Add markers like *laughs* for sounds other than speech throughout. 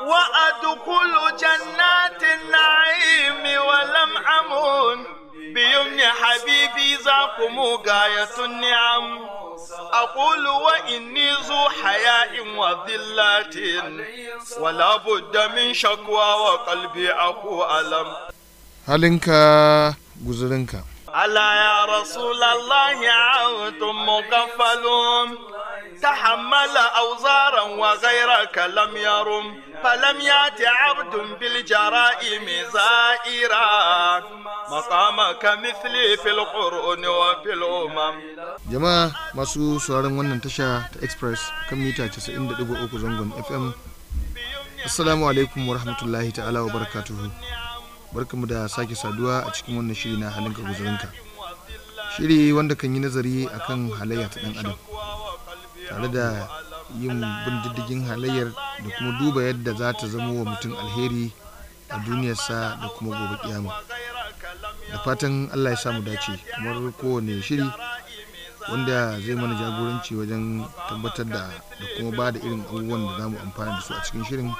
وأدخل جنات النعيم ولم أمون بيمن حبيبي زاكم غاية النعم أقول وإني ذو حياء وذلات ولا بد من شكوى وقلبي أخو ألم هلنك جزرنك ألا يا رسول الله عود مغفلون تحمل أوزارا وغيرك لم يرم فلم يأت عبد بالجرائم زائرا مقامك مثلي في القرون وفي الأمم جماعة masu sauraron wannan tasha ta express kan mita 90.3 zangon fm assalamu alaikum wa rahmatullahi ta'ala wa barakatuhu barkamu da sake saduwa a cikin wannan shiri na halinka guzurinka shiri wanda kan yi nazari akan halayya ta dan adam tare da yin bindiddigin halayyar da kuma duba yadda za ta zama wa mutum alheri a duniyarsa da kuma gobe kiyama da fatan allah ya samu dace kamar kowane shiri wanda zai mana jagoranci wajen tabbatar da da kuma ba da irin abubuwan da za mu amfana da su a cikin shirin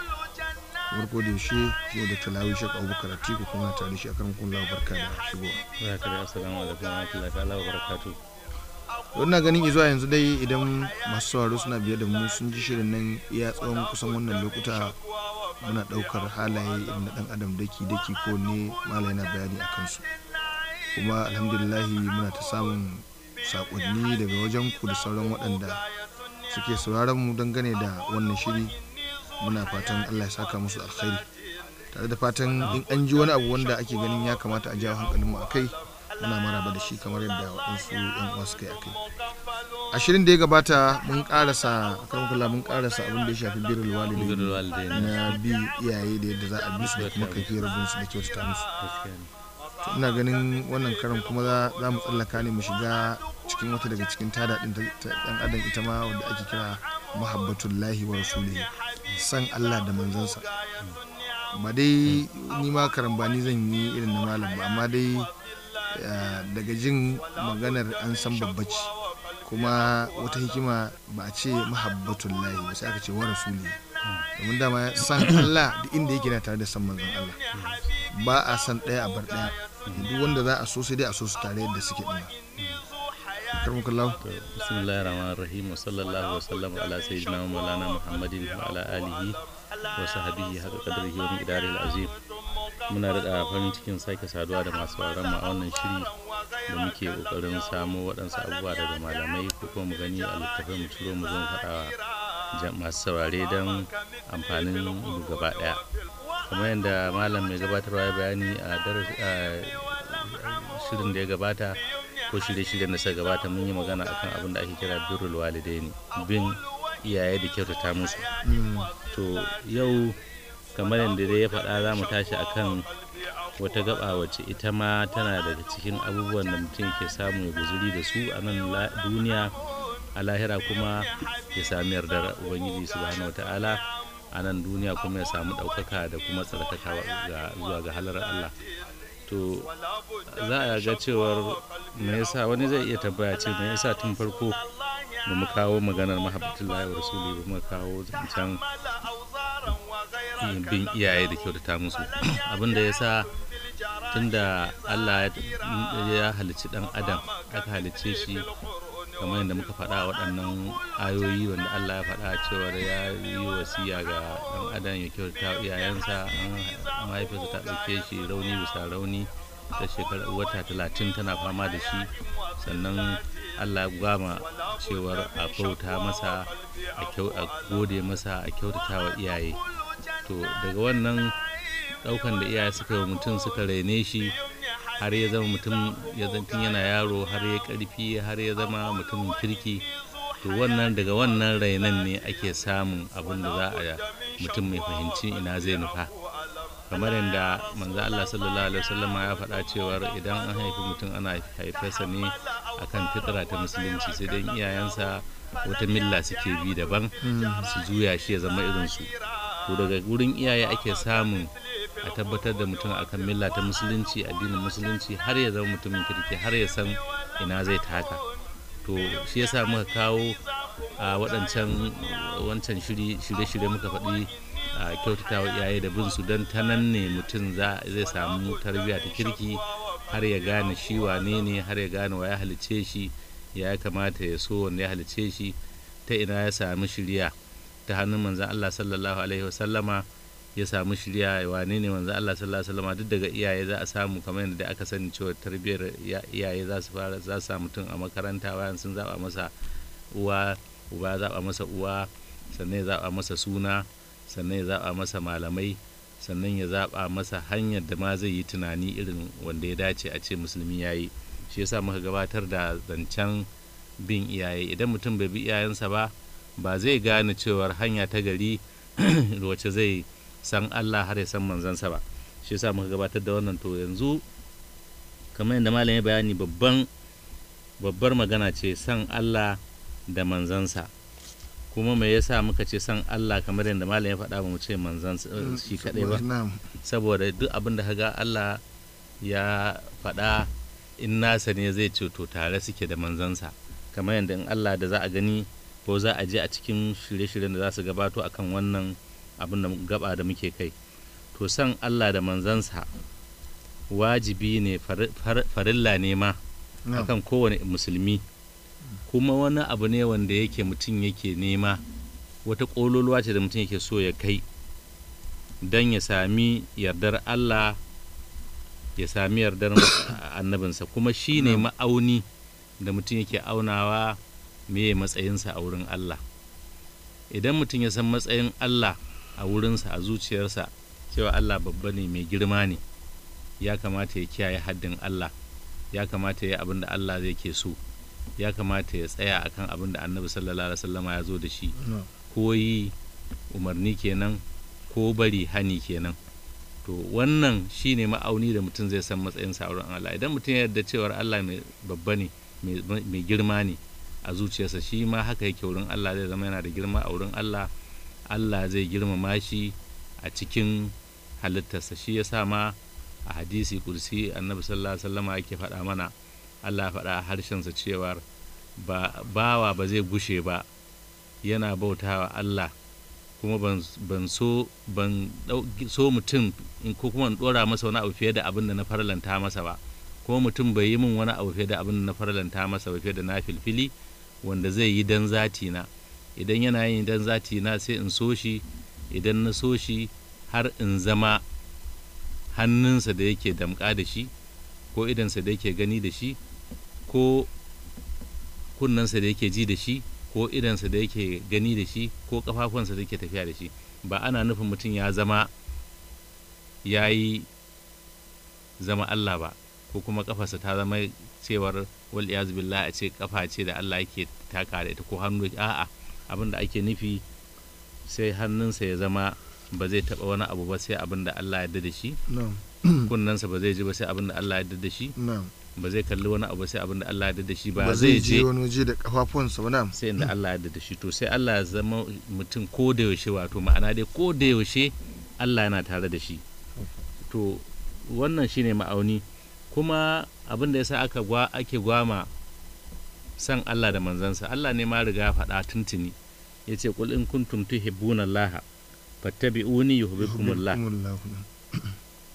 farko da yaushe ne da talawi shek abubakar atiku kuma tare shi a karin kun barka shigo. da alaikum wa rahmatullahi wa wannan ganin izuwa yanzu dai idan masu sauraro suna biye da mu sun ji shirin nan iya tsawon kusan wannan lokuta muna ɗaukar halaye irin na ɗan adam daki daki ko ne mala yana bayani a kansu kuma alhamdulillahi muna ta samun sakonni daga wajen ku da sauran waɗanda suke sauraron mu gane da wannan shiri muna fatan allah ya saka musu alkhairi tare da fatan in an ji wani abu wanda ake ganin ya kamata a jawo hankalin mu a kai muna maraba da shi kamar yadda wasu yan uwa suka yi akai a shirin da ya gabata mun karasa kan kula mun karasa abin da ya shafi birrul walidai na bi iyaye da yadda za a bi su da kuma kira bin su da ta musu ina ganin wannan karin kuma za mu tsallaka ne mu shiga cikin wata daga cikin tada din dan adam ita ma wanda ake kira lahi wa rasulihi san Allah da manzansa ba dai ni ma karambani zan yi irin na malam ba amma dai Eh, daga jin maganar an san babbaci kuma wata hikima ba a ce mahabbatun lahi ba sai aka ce wa rasuli domin dama san Allah duk inda yake na tare da san manzon Allah ba a san ɗaya a bar ɗaya duk wanda za a so sai dai a so su tare yadda suke ɗina karmuka lau bismillahir rahmanir rahim wa sallallahu wa sallam ala sayyidina wa maulana muhammadin wa ala alihi wa sahbihi haka qadrihi wa miqdarihi al-azim muna da farin cikin sake saduwa da masu auren mu a wannan shiri da muke kokarin samo waɗansu abubuwa daga malamai ko kuma mu gani a littafin mu turo mu zo faɗa masu saurare don amfanin mu gaba ɗaya kamar yadda malam mai gabatarwa ya bayani a shirin da ya gabata ko shirye-shiryen da suka gabata mun yi magana akan abin da ake kira birrul walidaini bin iyaye da kyautata musu mm. to yau kamar yadda dai ya faɗa za mu tashi akan wata gaba wacce ita ma tana daga cikin abubuwan da mutum ke samu ya guzuri da su a nan duniya a lahira kuma ya sami yardar ubangiji su subhanahu ala a nan duniya kuma ya samu ɗaukaka da kuma tsarkaka zuwa ga halar allah to za a ga cewar me yasa wani zai iya tambaya ce me yasa tun farko mu kawo maganar mahabbatin wa rasuli ba mu kawo zancen bin iyaye da kyautata musu *clears throat* abin da ya sa tun da Allah ya halicci dan adam aka halicce shi kamar yadda muka faɗa waɗannan ayoyi wanda Allah ya faɗa cewar ya yi wasiya ga dan adam ya kyautata iyayensa An mahaifinsa ta ɗauke shi rauni bisa rauni ta shekaru wata talatin tana fama da shi sannan Allah ya gama cewar a bauta masa a gode masa a kyautata wa iyaye to daga wannan daukan da iyaye suka yi mutum suka raine shi har ya zama mutum ya tun yana yaro har ya karfi har ya zama mutumin kirki to wannan daga wannan rainan ne ake samun abin da za a mutum mai fahimci ina zai nufa kamar yadda manzo Allah sallallahu alaihi wasallam ya faɗa cewa idan an haifi mutum ana haifarsa ne akan fitra ta musulunci sai dai iyayensa wata milla suke bi daban mm. su juya shi ya zama irin su to daga gurin iyaye ake samun a tabbatar da mutum akan milla ta musulunci addinin musulunci har ya zama mutumin kirki har ya san ina zai taka to shi yasa muka kawo a waɗancan wancan shirye-shirye muka faɗi a kyautata wa iyaye da bin su don ta nan ne mutum zai samu tarbiyya ta kirki har ya gane shi wane ne har ya gane wa ya halice shi ya kamata ya so wanda ya halice shi ta ina ya samu shirya ta hannun manzan Allah sallallahu alaihi wasallama ya samu shirya wane ne manzan Allah sallallahu alaihi wasallama duk daga iyaye za a samu kamar yadda aka sani cewa tarbiyyar iyaye za su fara za su samu mutum a makaranta bayan sun zaba masa uwa uba ya zaba masa uwa sannan ya zaba masa suna sannan ya zaba masa malamai sannan ya zaba masa hanyar da ma zai yi tunani irin wanda ya dace a ce musulmi yi shi yasa muka gabatar da zancen bin iyaye idan mutum bai bi iyayensa ba ba zai gane cewar hanya ta gari *clears throat* wacce zai san Allah har ya san manzansa ba shi yasa muka gabatar da wannan to yanzu kamar yadda malamin bayani babban babbar magana ce san Allah da manzansa kuma me yasa muka ce san Allah kamar yadda malamin ya faɗa ba mu ce manzan eh, shi kaɗai ba mm, saboda duk abin da kaga Allah ya faɗa in nasa ne zai ce to tare suke da manzansa kamar yadda in Allah da za a gani ko za a je a cikin shirye-shiryen da za su gabato a kan wannan abin da gaba da muke kai to san allah da manzansa wajibi ne farilla ne ma akan kowane musulmi kuma wani abu ne wanda yake mutum yake nema wata ƙololuwa ce da mutum yake so ya kai don ya sami yardar allah ya sami yardar *coughs* annabinsa kuma shi ne ma'auni da mutum yake aunawa meye matsayinsa a wurin Allah idan mutum ya san matsayin Allah a wurinsa a zuciyarsa cewa Allah babba ne mai girma ne ya kamata ya kiyaye haddin Allah ya kamata ya abin da Allah zai ke so ya kamata ya tsaya akan abin da annabi sallallahu alaihi wasallama ya zo da shi ko yi umarni kenan ko bari hani kenan to wannan shi ne ma'auni da mutum zai san matsayinsa a wurin Allah idan mutum ya yarda cewar Allah mai babba ne mai girma ne a zuciyarsa shi ma haka yake wurin Allah zai zama yana da girma a wurin Allah Allah zai girmama shi a cikin halittarsa shi ya sa ma a hadisi kursi annabi sallallahu alaihi wasallama yake faɗa mana Allah faɗa a harshensa cewar ba bawa ba zai gushe ba yana bautawa Allah kuma ban so ban so mutum ko kuma in dora masa wani abu fiye da abin da na faralanta masa ba Ko mutum bai yi min wani abu fiye da abin da na faralanta masa ba fiye da na filfili wanda zai yi dan zati na idan yana yin dan zati na sai in so shi idan na so shi har in zama hannunsa da yake damƙa da shi ko idansa da yake gani da shi ko kunnensa da yake ji da shi ko idansa da yake gani da shi ko kafafunsa da yake tafiya da shi ba ana nufin mutum ya zama ya yi zama Allah ba ko kuma kafarsa ta zama cewar wal iyaz billah a ce kafa ce da Allah yake taka da ita ko hannu a'a abin da ake nufi sai hannunsa ya zama ba zai taba wani abu ba sai abin da Allah ya da shi *clears throat* kunnansa ba zai ji ba sai abin da Allah ya da shi ba zai kalli wani abu sai abin da Allah ya da shi ba zai je wani waje da kafafunsa ba na'am sai inda Allah ya da shi to sai Allah ya zama mutum ko da yaushe wato ma'ana dai ko da yaushe Allah yana tare da shi to wannan shine ma'auni kuma abin da sa aka gwa ake gwama san Allah da manzansa Allah ne ma riga faɗa tuntuni ya ce kul in kuntum tuhibbuna Allah fattabi'uni Allah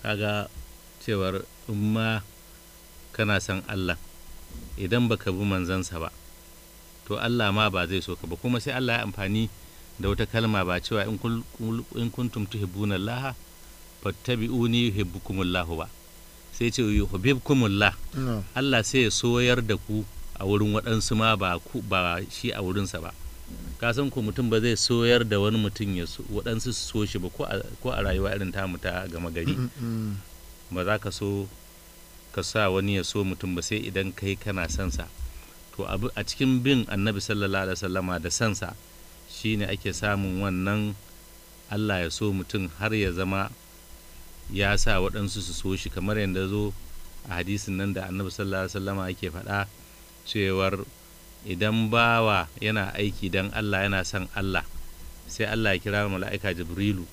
kaga cewar umma kana san Allah idan baka bi manzansa ba to Allah ma ba zai so ka ba kuma sai Allah ya amfani da wata kalma ba cewa in kuntum tuhibbuna Allah fattabi'uni Allah ba sai ce kumulla Allah sai ya soyar da ku a wurin waɗansu ma ba shi a wurinsa ba ka san ko mutum ba zai soyar da wani mutum ya waɗansu so shi ba ko a rayuwa irin ta ta gama gari mm, mm, mm. ba za ka so ka sa wani ya so mutum ba sai idan kai kana sansa to a cikin bin annabi sallallahu alaihi wasallama da sansa shine ake samun wannan Allah ya so mutum har ya zama ya sa waɗansu su so shi kamar yadda zo a hadisin nan da annabi sallallahu alaihi wasallama yake faɗa cewar idan bawa yana aiki dan Allah yana son Allah sai Allah ya kira mala'ika Jibrilu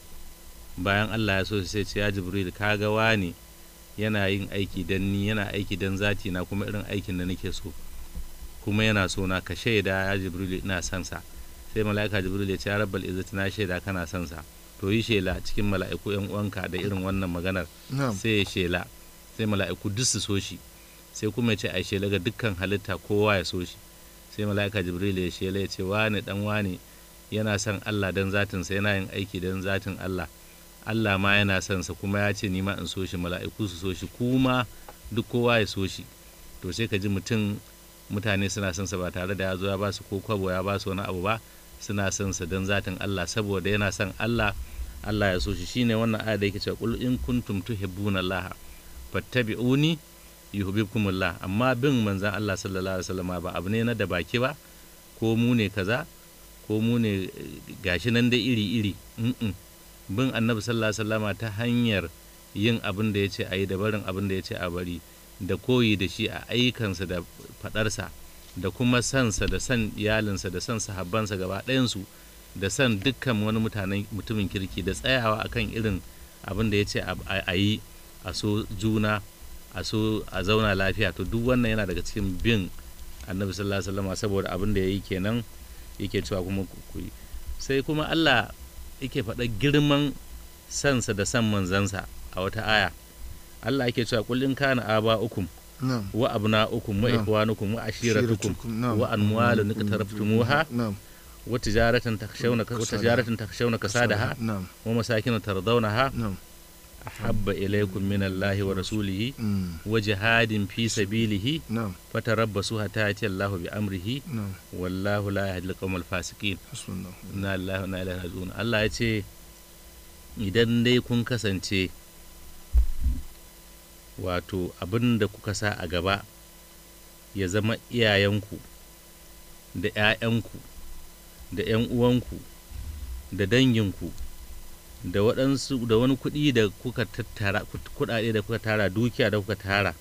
bayan Allah ya so sai ce ya Jibrilu kaga wani yana yin aiki dan ni yana aiki dan zati na kuma irin aikin da nake so kuma yana so na ka shaida ya Jibrilu ina son sa sai mala'ika Jibrilu ya ce ya rabbal izzati na shaida kana son sa to yi shela cikin mala'iku yan uwanka da irin wannan maganar sai ya shela sai mala'iku duk su so shi sai kuma ya ce a shela ga dukkan halitta kowa ya so shi sai mala'ika jibril ya shela ya ce wani dan wani yana son Allah dan zatinsa yana yin aiki dan zatin Allah Allah ma yana son sa kuma ya ce ni ma in so shi mala'iku su so shi kuma duk kowa ya so shi to sai ka ji mutum mutane suna son sa ba tare da ya zo ya ba su ko kwabo ya ba su wani abu ba suna son sa dan zatin Allah saboda yana son Allah Allah ya so shi shine wannan aya da yake cewa qul in kuntum tuhibbuna Allah fattabi'uni yuhibbukumullah amma bin manzan Allah sallallahu alaihi wasallam ba abu ne na da baki ba ko mu ne kaza ko mu ne gashi nan da iri iri bin annabi sallallahu alaihi wasallama ta hanyar yin abin da ya ce a yi da barin abin da ya ce a bari da koyi da shi a aikansa da fadarsa da kuma sansa da san iyalinsa da san sahabbansa gaba ɗayansu su da san dukkan wani mutanen mutumin kirki da tsayawa a kan irin abin da ya ce a yi a so juna a so a zauna lafiya to duk wannan yana daga cikin bin annabi sallallahu alaihi wasallam saboda abin da ya yi kenan yake cewa kuma ku yi sai kuma Allah yake faɗa girman sansa da san manzansa a wata aya Allah yake cewa kul in kana aba ukum wa abna ukum wa ikwanukum wa ashiratukum wa amwalun iqtarabtumuha وتجارة تخشون وتجارة تخشون كسادها نعم ومساكن ترضونها نعم أحب إليكم من الله ورسوله وجهاد في سبيله فتربصوا حتى يأتي الله بأمره والله لا يهدي القوم الفاسقين حسبنا الله إنا إليه راجعون الله ce idan dai kun kasance wato abin da kuka sa a gaba ya zama iyayenku da 'ya'yanku da 'yan uwanku da danginku da waɗansu da wani kuɗi da kuka tattara kuɗaɗe da kuka tara dukiya da kuka tara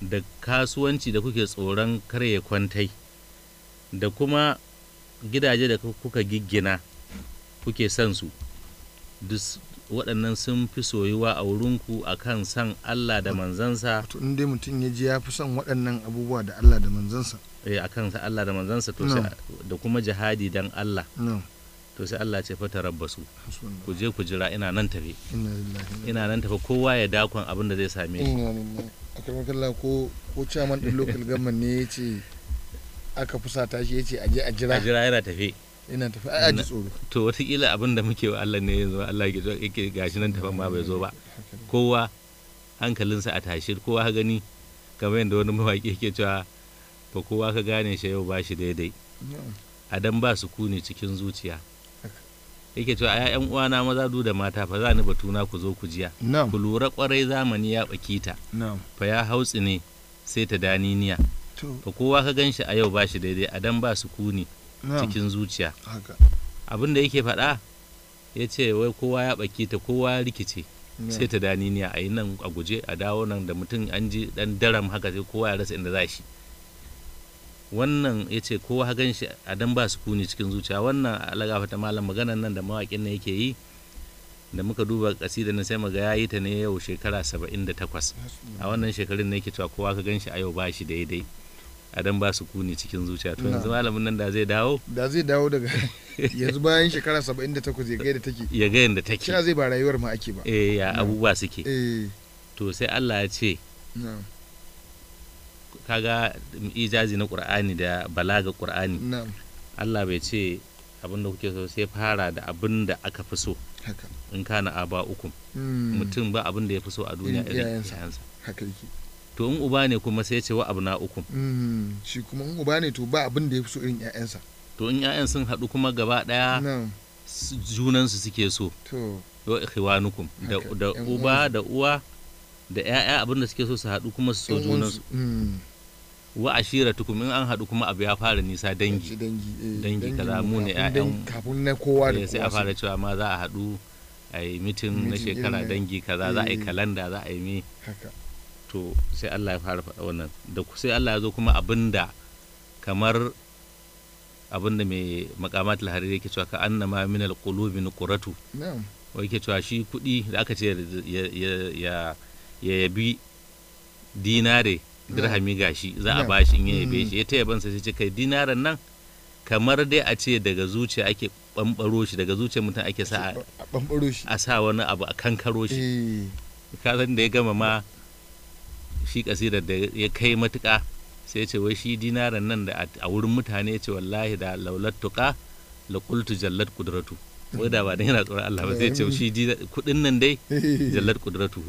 da kasuwanci da kuke tsoron karya kwantai da kuma gidaje da kuka giggina kuke son su waɗannan sun fi soyuwa a wurinku a kan san Allah da manzansa wato in dai mutum ya ji ya fi son waɗannan abubuwa da Allah da manzansa eh akan Allah da manzansa to da kuma jihadi dan Allah to sai Allah ce fata rabbasu ku je ku jira ina nan tafe ina nan tafe kowa ya dakon abin da zai same shi akan kalla ko ko chairman din local government ne yace aka fusata shi yace aje a jira a jira yana tafe ina tafi a ji tsoro to watakila abin da muke wa Allah ne yanzu Allah ke yake gashi nan tafan ma bai zo ba kowa hankalinsa a tashi kowa gani kamar yadda wani mawaƙi yake cewa fa kowa ka gane shi yau ba shi daidai a dan ba su ne cikin zuciya yake to a yan uwana maza du da mata fa za ni batuna ku zo ku jiya ku lura kwarai zamani ya baki ta fa ya hautsi ne sai ta niya fa kowa ka gan shi a yau ba shi daidai a dan ba su ne cikin zuciya abin da yake faɗa ya ce wai kowa ya baki ta kowa ya rikice sai ta niya a yi nan a guje a dawo nan da mutum an ji dan daram haka sai kowa ya rasa inda za shi wannan ya ce kowa gan shi a dan ba su kuni cikin zuciya wannan alagafa ta malam maganan nan da mawaƙin nan yake yi da muka duba kasida na sai maga yayi ta ne yau shekara 78 a wannan shekarun ne yake cewa kowa ka shi a yau ba shi daidai a dan ba su kuni cikin zuciya to yanzu malamin nan da zai dawo da zai dawo daga *laughs* yanzu bayan shekara 78 ya ga yadda take ya ga yadda take shi zai ba rayuwar ma ake ba eh ya abubuwa suke eh to sai Allah ya ce kaga ijazi na qur'ani da balaga qur'ani Allah bai ce abin da kuke so sai fara da abin da aka fi so in kana aba uku hmm. mutum ba abin da ya fi so a duniya irin yayansa to in uba ne kuma sai ce wa abu na uku hmm. shi kuma in uba ne to ba abin da ya fi so irin yayansa to in yayan sun haɗu kuma gaba ɗaya junansu suke so to wa ikhwanukum da uba da uwa da 'ya'ya abin da suke so su haɗu kuma su so su hmm. wa ashira tukum in an haɗu kuma abu ya fara nisa dangi dangi eh, kaza mu ne 'ya'yan kafin na kowa da eh, sai a fara cewa ma za a haɗu a yi mitin na shekara dangi kaza za a yi kalanda eh. za a yi mi to sai Allah ya fara faɗa wannan da sai Allah ya zo kuma abin da kamar abin da mai makamat hariri yake cewa ka ma min qulubi nuqratu wai yake cewa shi kuɗi da aka ce ya ya yabi dinare dirhami mm. ga shi za a bashi in ya yabe mm. shi ya ta yaban sa sai kai dinaren nan kamar dai a ce daga zuciya ake bambaro shi daga zuciya mutum ake sa a sa wani abu a kankaro shi eh. ka da ya gama ma shi kasidar da ya kai matuka sai ce wai shi dinaren nan da a wurin mutane ce wallahi da laulattuka tuka la qultu jallat qudratu ko da ba dan yana tsoron Allah ba zai ce shi kudin nan dai jallar kudratu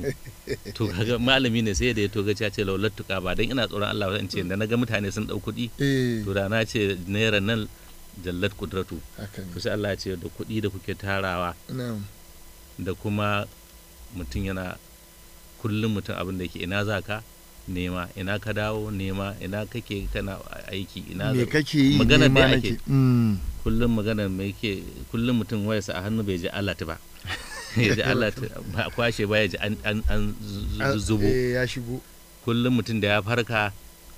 to kaga malami ne sai da ya toga cace laulat tuka ba dan ina tsoron Allah ba zan ce da ga mutane sun dau kudi eh. to da na ce naira nan jallar kudratu to sai Allah ya ce da kudi da kuke tarawa da kuma mutum yana kullum mutum abin da yake ina zaka nema ina ka dawo nema ina kake kana aiki ina me kake yi magana da ake mm. kullum magana me yake kullum mutum wayarsa a hannu bai ji Allah ta ba *laughs* ya ji Allah ta ba kwashe ba ya ji an an ah, zubo eh, ya shigo kullum mutum da ya farka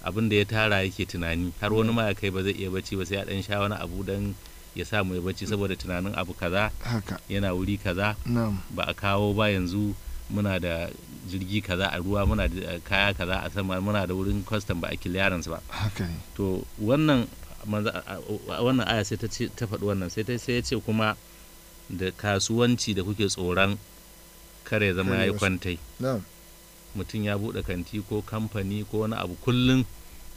abin da ya tara yake tunani har wani ma ya kai ba zai iya bacci ba sai ya dan sha wani abu dan ya samu ya bacci saboda tunanin abu kaza yana wuri kaza ba a kawo ba yanzu muna da jirgi kaza a ruwa muna da eh, kaya kaza a sama muna da wurin kwastam ba a clearance ba to wannan wannan aya sai ta faɗi wannan sai ta ya ce kuma da kasuwanci da kuke tsoron kare zama ya yi kwantai mutum ya buɗe kanti ko kamfani ko wani abu kullum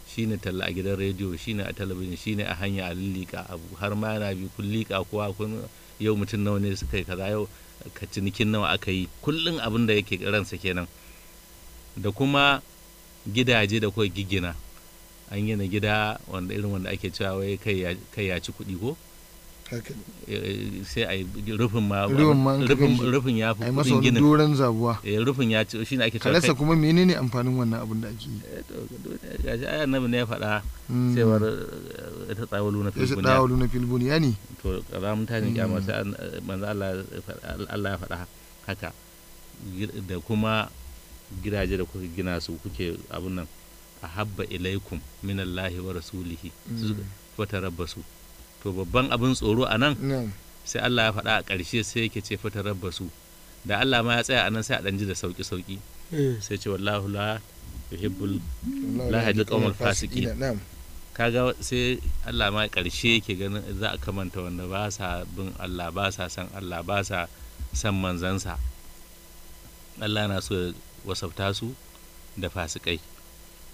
shine talla a gidan rediyo shine a talabijin shine a hanya a lullika abu har ma yana biyu kun lika kowa kun yau mutum nawa ne suka yi kaza yau ka cinikin nawa aka yi kullum abin da yake ransa kenan da kuma gidaje da kawai gigina an gina gida wanda irin wanda ake cewa wai kai ya ci kuɗi ko Eh, eh, sai a yi rufin ma rufin ya fi kudin ginin duran zabuwa eh, rufin ya ci shi ne ake cewa kalasa kuma menene amfanin wannan abin da ake yi gashi ayar nabi ne ya faɗa hmm. cewar ta tsawo na filbuni ya tsawalu na filbuniya ne to ramun tashin hmm. kyamar sai manzo Allah ya faɗa haka da kuma gidaje da kuka gina su kuke abun nan a habba ilaikum minallahi wa rasulihi fata rabbasu su hmm. to babban abin tsoro a nan sai Allah ya faɗa a ƙarshe sai yake ce fita rabba su da Allah ma ya tsaya a nan sai a ɗan ji da sauki sauki eh. sai ce wallahu la yuhibbul la qawmul fasiqin kaga sai Allah ma ƙarshe yake ganin za a kamanta wanda ba sa bin Allah ba sa san Allah ba sa san manzansa Allah na so wasafta su da fasikai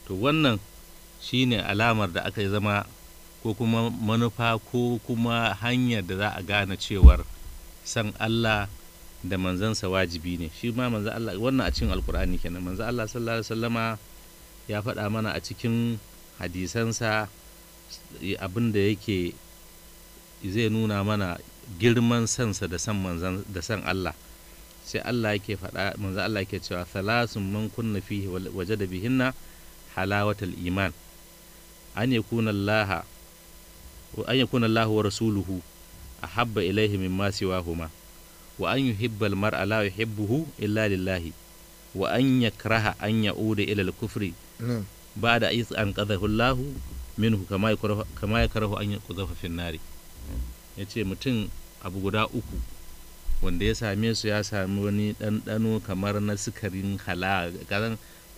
to wannan shine alamar da aka zama ko kuma manufa ko kuma hanyar da za a gane cewar san Allah da manzansa wajibi ne shi ma manzan Allah wannan a cikin alkur'ani kenan manzan Allah sallallahu alaihi wasallama ya faɗa mana a cikin hadisansa abin da yake zai nuna mana girman sansa da san manzan da san Allah sai Allah yake faɗa manzan Allah yake cewa salasun man kunna fihi wajada bihinna halawatal iman an yakuna Allah wa an yakuna Allahu wa rasuluhu ahabba ilaihi mimma siwahuma wa an yuhibba al-mar'a la yuhibbuhu illa lillahi wa an yakraha an ya'uda ila al-kufri ba'da is an qadahu Allahu minhu kama yakrahu kama yakrahu an yuqadha fi an-nari yace mutum abu guda uku wanda ya same su ya sami wani ɗanɗano kamar na sukarin halal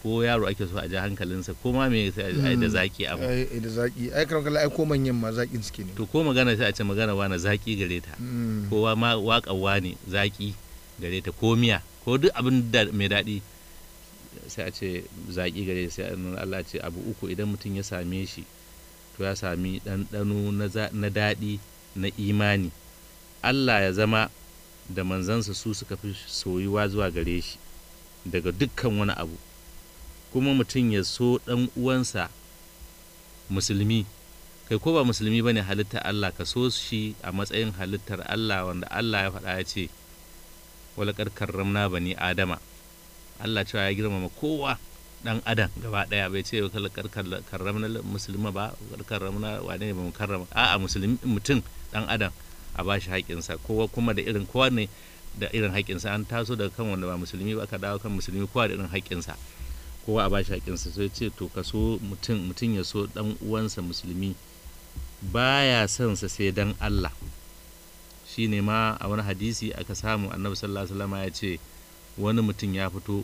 ko yaro ake so a ji hankalinsa ko ma me sai a da hmm. zaki abu ai da zaki ai kan kallon ai ko manyan ma zakin suke ne to ko magana sai a ce magana wa na zaki gare ta hmm. ko wa ma waka ne zaki gare ta ko miya ko duk abin da mai daɗi sai a ce zaki gare a nuna, Allah ce abu uku idan mutum ya same shi to ya sami ɗanɗano na daɗi na imani Allah ya zama da manzansa su suka fi soyuwa zuwa gare shi daga dukkan wani abu kuma mutum ya so ɗan uwansa musulmi kai ko ba musulmi ba ne halittar Allah ka so shi a matsayin halittar Allah wanda Allah ya faɗa ya ce walakar ba bani adama Allah cewa ya girmama kowa dan adam gaba ɗaya bai ce walakar karramna musulma ba na wane ne ba mu karrama a'a musulmi mutum dan adam a ba shi haƙinsa kowa kuma da irin kowa ne da irin haƙinsa an taso daga kan wanda ba musulmi ba ka dawo kan musulmi kowa da irin haƙinsa kowa a bashi sa sai ce to ka so mutum ya so dan uwansa musulmi baya son sa sai dan Allah shine ma a wani hadisi aka samu annabi sallallahu alaihi wasallam ya ce wani mutum ya fito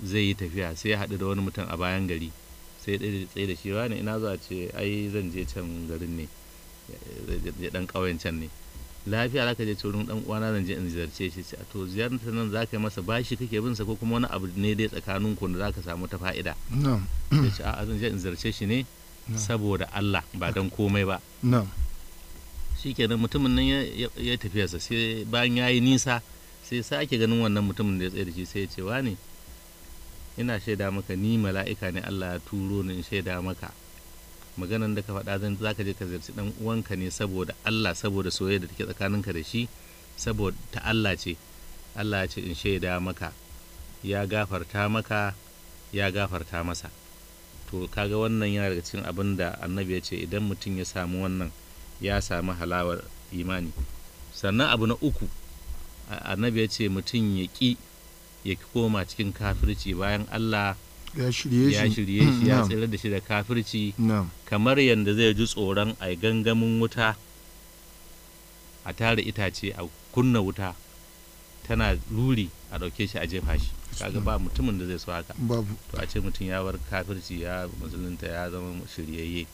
zai yi tafiya sai ya haɗu da wani mutum a bayan gari sai ya tsaye da shi wani ina za a ce ai zan je can garin ne ya dan ƙauyen can ne lafiya zaka je wurin dan uwana zan je in ziyarce shi sai to ziyarta nan zaka yi masa bashi kake bin sa ko kuma wani abu ne dai tsakanin ku da zaka samu ta fa'ida na'am sai a'a zan je in ziyarce shi ne saboda Allah ba dan komai ba na'am shikenan mutumin nan ya tafiyarsa sai bayan yayi nisa sai sake ganin wannan mutumin da ya tsaye da shi sai ya ce wani ina shaida maka ni mala'ika ne Allah ya turo ni in shaida maka maganan da ka faɗa zan za ka je ka ziyarci ɗan uwanka ne saboda Allah saboda soyayya da take tsakaninka da shi saboda ta Allah ce Allah ya ce in shaida maka ya gafarta maka ya gafarta masa to kaga wannan yana daga cikin abin da annabi ya ce idan mutum ya samu wannan ya samu halawar imani sannan abu na uku annabi ya ce mutum ya ki ya koma cikin kafirci bayan Allah ya shirye shi ya tsira da shi da kafirci kamar yadda zai ji tsoron a gangamin wuta a tara itace a kunna wuta tana ruri a ɗauke shi a jefa shi kaga ba mutumin da zai so haka to a ce mutum ya bar kafirci ya musulunta ya zama shiryayye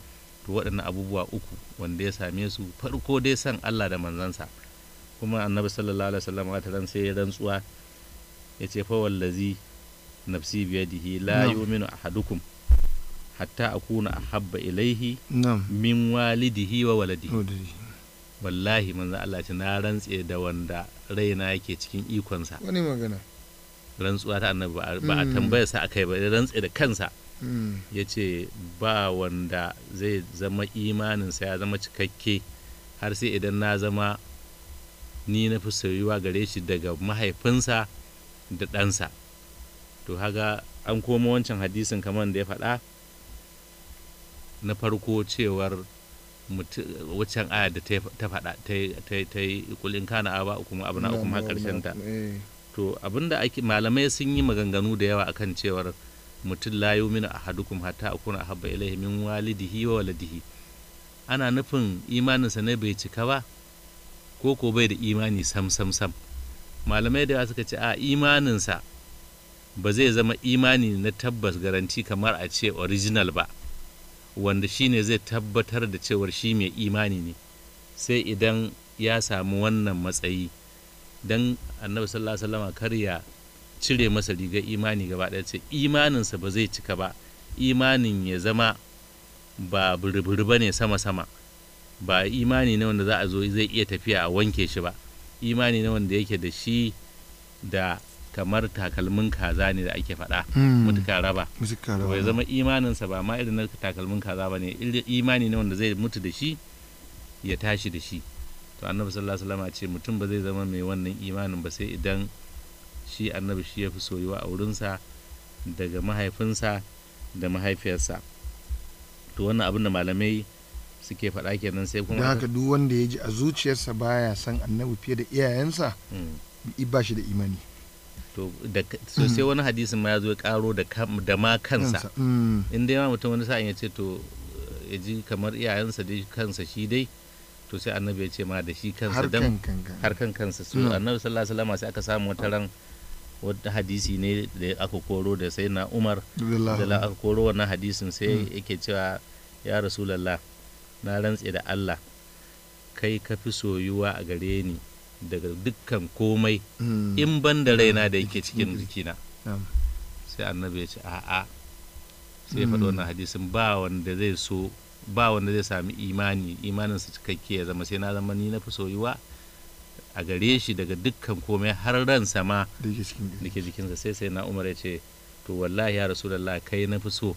to waɗannan abubuwa uku wanda ya same su farko dai san Allah da manzansa kuma annabi sallallahu alaihi wasallam ta sai ya rantsuwa ya ce fa wallazi nafsi biyadihi la yu'minu ahadukum hatta akuna ahabba ilaihi min walidihi wa waladihi wallahi manzo Allah ce na rantse da wanda raina yake cikin ikonsa wani magana rantsuwa ta annabi ba a hmm. tambaya sa akai ba rantse da kansa hmm. yace ba wanda zai zama imanin sa ya zama cikakke har sai idan na zama ni na fi soyuwa gare shi daga mahaifinsa da ɗansa to haga an komo wancan hadisin kamar da ya faɗa na farko cewar waccan aya da ta faɗa ta yi kulin kana aba kuma abu na kuma ta eh. to abinda ake malamai sun yi maganganu da yawa akan cewar mutum la yu'minu ahadukum hatta akuna ahabba ilaihi min walidihi wa waladihi ana nufin imaninsa ne bai cika ba ko ko bai da imani sam sam sam malamai da yawa suka ce a imaninsa ba zai zama imani na tabbas garanti kamar a ce original ba wanda shi ne zai tabbatar da cewar shi mai imani ne sai idan ya samu wannan matsayi don annabi sallallahu alaihi kar ya cire masa rigar imani gaba ɗaya ce imaninsa ba zai cika ba imanin ya zama ba buri ba ne sama-sama ba imani ne wanda za a zo zai iya tafiya a wanke shi ba imani na wanda yake da shi da kamar takalmin kaza ne da ake faɗa hmm. mutuka raba bai zama imaninsa ba ma irin na takalmin kaza ba ne imani ne wanda zai mutu da shi ya tashi da shi to annabi sallallahu alaihi wasallam ce mutum ba zai zama mai wannan imanin ba sai idan shi annabi shi ya fi soyuwa a wurinsa daga mahaifinsa da mahaifiyarsa to wannan abin da malamai suke faɗa kenan sai kuma da haka duk wanda ya ji a zuciyarsa baya son annabi fiye da iyayensa hmm. ba shi da imani to sosai wani hadisin ma ya zo ya karo da ma kansa mm. in dai ma mutum wani sa'in ya ce to ya ji kamar iyayensa dai kansa shi dai to sai annabi ya ce ma da shi kansa dan kan kansa so mm. annabi sallallahu alaihi wasallam sai aka samu wata ran wata hadisi ne da aka koro da sai na umar da aka koro wannan hadisin sai mm. yake cewa ya rasulullah na rantse da allah kai ka fi soyuwa a gare ni daga dukkan komai hmm. in ban da raina hmm. da yake cikin hmm. jikina sai annabi ya ce a'a sai faɗo wannan hadisin ba wanda zai so ba wanda zai sami imani imanin su cikakke ya zama sai na zama ni na fi soyuwa a gare shi daga dukkan komai har ran sama da ke jikinsa sai sai na umar ya ce to wallahi ya rasulallah kai na fi so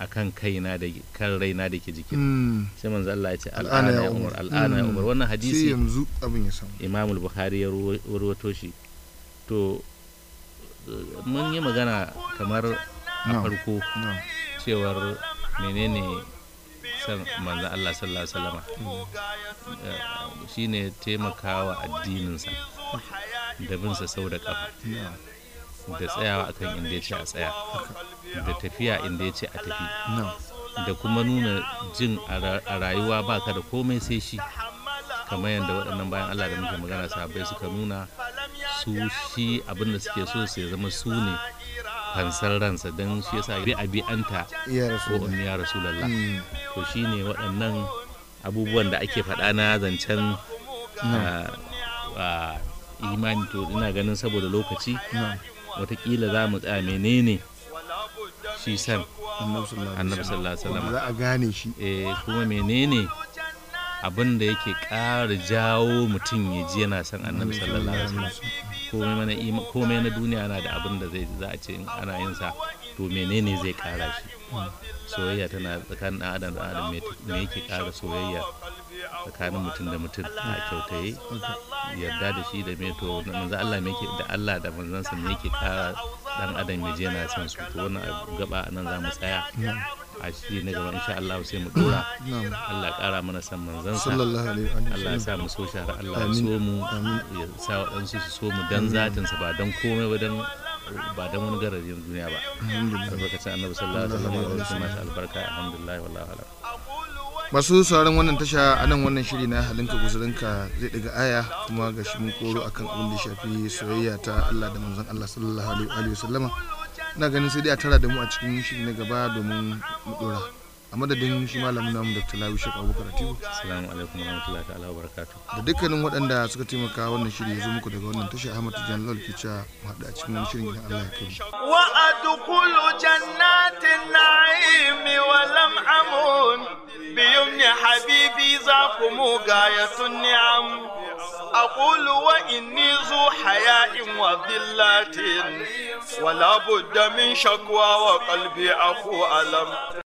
akan kaina da kan raina da ke jikin hmm. sai manzo Allah ya ce al'ana ya umar al'ana ya umar hmm. wannan hadisi yanzu abin ya samu Imam al-Bukhari ya ruwato shi to mun yi magana kamar a farko cewar menene san manzo Allah sallallahu alaihi wasallam hmm. eh, shine taimakawa addininsa da sa sau da kafa da tsayawa akan inda ya ce a tsaya *laughs* da tafiya inda ya ce a tafi da kuma nuna jin a rayuwa ba ka da komai sai shi kamar yadda waɗannan bayan Allah da muke magana sabai suka nuna su shi abin suke so su zama su ne fansar ransa don shi yasa bi a bi an anta ko ummi ya lalla. Mm. to shi ne waɗannan abubuwan da ake faɗa na zancen ah, ah, imani to ina ganin saboda lokaci watakila za mu tsaya menene shi san annabi sallallahu za a gane shi eh kuma menene abin da yake ƙara jawo mutum ya ji yana san annabi sallallahu alaihi wasallam komai na duniya na da abin da zai za a ce ana yin sa to menene zai kara shi soyayya tana tsakanin ɗan adam da adam me yake kara soyayya tsakanin mutum da mutum a kyautaye yarda da shi da meto manzo Allah me yake da Allah da manzansa me yake kara dan adam ya je na san su to wannan gaba nan za mu tsaya a shi ne gaba insha Allah sai mu dora Allah kara mana san manzon sa Allah ya sa mu so shahara Allah ya so mu ya sa wadansu su so mu dan zatin sa ba dan komai ba dan ba dan wani gararin duniya ba albarkacin annabi sallallahu alaihi wasallam ya rubuta masa albarka alhamdulillah wallahi alam masu sauraron wannan tasha a nan wannan shiri na halinka guzurinka zai daga aya kuma ga shi mun koro akan abin da shafi soyayya ta Allah da manzon Allah sallallahu alaihi wasallama na ganin sai dai a tara da mu a cikin shiri na gaba domin mu dora a madadin shi malamin namu dr lawi shek abubakar atiku assalamu alaikum rahmatullahi ta'ala wabarakatuh da dukkanin waɗanda suka taimaka wannan shiri ya zo muku daga wannan tashar ahmad tijan lal ke cewa mu haɗu a cikin wani shirin idan allah ya kai wa adkhulu jannatin na'im wa lam amun bi yumni habibi za ku mu gayatun ni'am أقول وإني ذو حياء وذلة ولا بد من شكوى وقلبي أخو ألم